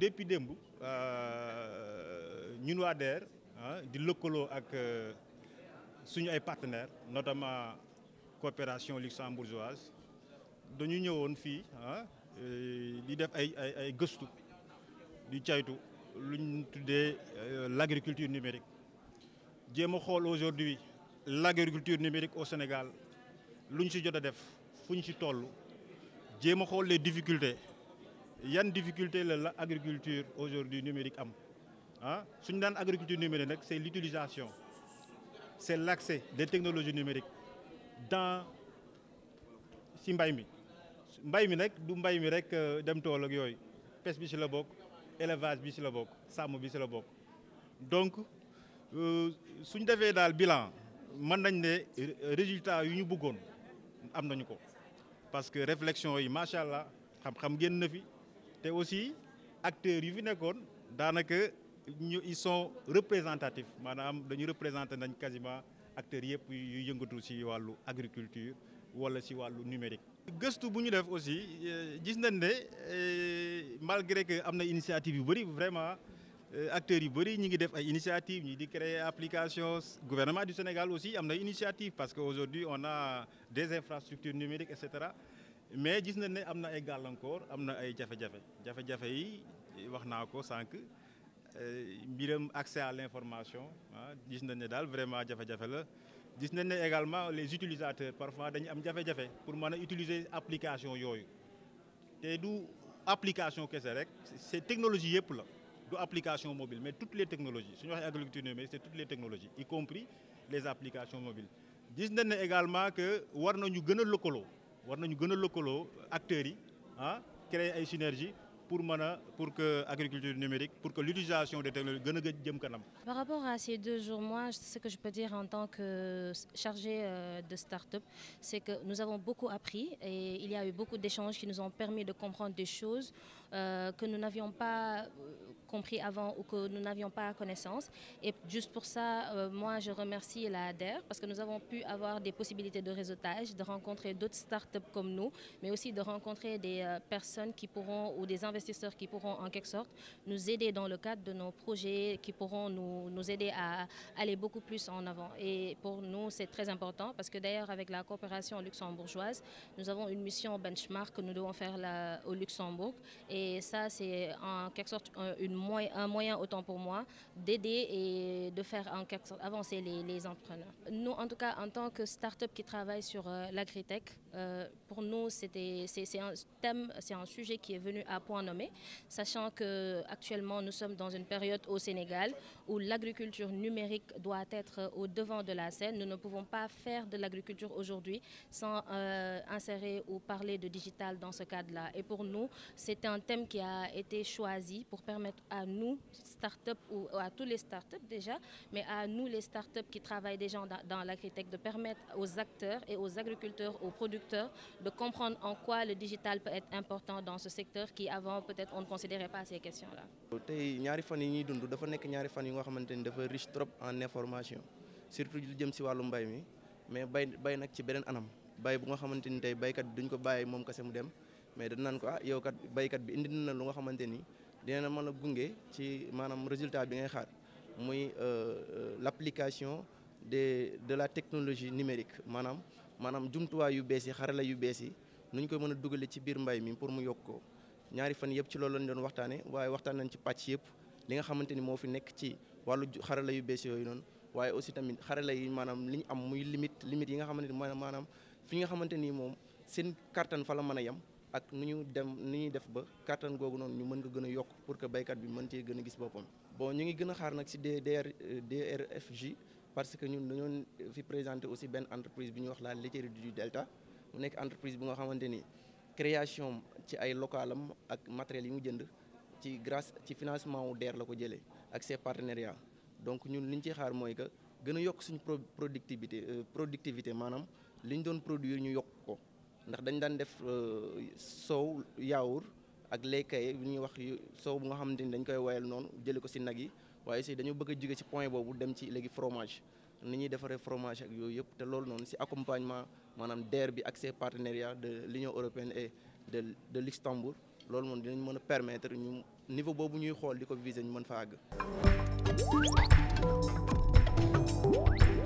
depuis démb euh, ñun waa DER ah, di lëkkaloo ak euh, suñu ay partenaires notamment coopération luxembourgeoise dañu ñëwoon fii ah di def ay ay ay gëstu di caytu lu ñu tuddee euh, l'agriculture numérique jéem a xool aujourd'hui l'agriculture numérique au Sénégal lu ñu si jot a def fu ñu si toll jéem a xool les difficultés yan difficulté la la agriculture aujourd'hui numérique am ah suñu daan agriculture numérique nag c'est l'utilisation c'est l'accès de technologies numériques dans si mbay mi mbay mi nag du mbay mi rek euh, dem tool ak yooyu pêche bi si la bokk élevage bi si la bokk sàmm bi si la bokk donc euh, suñ defee daal bilan mën nañ ne résultat yu ñu buggoon am nañu ko parce que réflexion yi macha allah xam-xam génn na fi te aussi acteurs yu fi nekkoon daanaka ñu ils sont représentatifs maanaam dañu représenté nañ quasiment acteurs yëpp yu yëngatu si wàllu agriculture walla si wàllu numérique. gëstu bu ñu def aussi euh, gis nañ ne euh, malgré que am na initiative yu bëri vraiment. Euh, acteurs yu bëri ñu ngi def ay initiative ñu di créer application gouvernement du Sénégal aussi am na initiative parce que aujourd'hui on a des infrastructures numériques et cetera mais gis nañ ne am na ay gàllankoor am na ay jafe-jafe jafe-jafe yi eh, wax naa ko sànq eh, mbiram accès à l'information ah gis nañ ne daal vraiment jafe-jafe la gis nañ ne également les utilisateurs parfois dañu am jafe-jafe pour mën a utiliser application yooyu te du application kese rek c'est technologie yëpp la du application mobile mais toutes les technologies su ñu waxee agriculture numérique c'est toutes les technologies y compris les applications mobiles gis nañ ne également que war nañu gën a lëkkaloo war nañu gën a lëkkaloo yi ah créer ay synergie pour mën pour que agriculture numérique pour que l'utilisation des technologies gën a jëm kanam. par rapport à ces deux jours ce que je peux dire en tant que euh, chargé euh, de start-up c'est que nous avons beaucoup appris a eu beaucoup d'échanges qui nous ont permis de comprendre compris avant ou que nous n'avions pas connaissance. Et juste pour ça, euh, je remercie la DER parce que nous avons pu avoir des possibilités de réseautage, de rencontrer d'autres startups comme nous, mais aussi de rencontrer des euh, personnes qui pourront ou des investisseurs qui pourront en quelque sorte nous aider à aller beaucoup plus en avant. Et pour nous, c'est très important parce que d'ailleurs, avec la coopération luxembourgeoise, nous avons une moyen, un moyen, autant pour moi, d'aider et de faire en quelque sorte avancer les, entrepreneurs. en tout cas, en tant que start-up qui travaille sur euh, l'agritech, euh, pour nous, c'était, c'est, c'est un thème, c'est un sujet qui est venu à point nommé, sachant que actuellement nous sommes dans une période au Sénégal où l'agriculture numérique doit être au devant de la scène. Nous ne pouvons pas faire de l'agriculture aujourd'hui sans euh, insérer ou parler de digital dans ce cadre-là. Et pour nous, c'est un thème qui a été choisi à nous, start-up ou à tous les start-up déjà, mais à nous, les start-up qui travaillent déjà dans, dans l'agritech, de permettre aux acteurs et aux agriculteurs, aux producteurs, de comprendre en quoi le digital peut être important dans ce secteur qui, avant, peut-être, on ne considérait pas ces questions-là. tey ñaari fan yi ñuy dund dafa nekk ñaari fan yi nga xamante ni dafa riche trop en information surtout lu jëm si wàllu mbay mi mais bay bay nag ci beneen anam bay bu nga xamante ni tey baykat bi duñ ko bàyyi moom kese mu dem mais dañ naan ko ah yow kat baykat na lu nga xamante ni. dina la mën a gunge ci maanaam résultat bi ngay xaar muy euh, euh, l'application des de la technologie numérique maanaam maanaam jumtuwaay yu bees yi xarala yu bees yi nu ñu koy mën a dugalee ci biir mbay mi pour mu yokk ko ñaari fan yëpp ci loolu lañ doon waxtaane waaye waxtaan nañ ci pàcc yëpp li nga xamante ni moo fi nekk ci wàllu xarala yu bees yooyu noonu waaye aussi tamit xarala yi maanaam li ñu am muy limite limite yi nga xamante ni maanaam fi nga xamante ni moom seen kattan fa la mën a yem. ak nu ñu dem nu ñuy def ba kattan googu noonu ñu mën ko gën a yokk pour que béykat bi mën cee gën a gis boppam. bon ñu ngi gën a xaar nag si DR DRFJ parce que ñun dañoon fi présenté aussi benn entreprise bi ñuy wax la laiterie du Delta mu nekk entreprise bu nga xamante ni création ci ay localam ak matériels yi mu jënd ci grâce ci financement wu DER la ko jëlee ak ses partenariats donc ñun li ñu ci xaar mooy que gën a yokk suñu productivité euh, productivité maanaam li ñu doon produire ñu yokk ko. ndax dañ daan def euh, soow yaawur ak laykaye bu ñuy wax soow bu nga xamante ni dañ koy woyal noonu jëlee ko si nag yi waaye si dañu bëgg a jóge si point boobu dem ci léegi fromage ni ñuy defaree fromage ak yooyu yëpp te loolu noonu si accompagnement maanaam DER bi ak ses partenariats de l'Union européenne et de de Luxembourg loolu moom dinañ mën a permettre ñu niveau boobu ñuy xool di ko viser ñu mën fa àgg.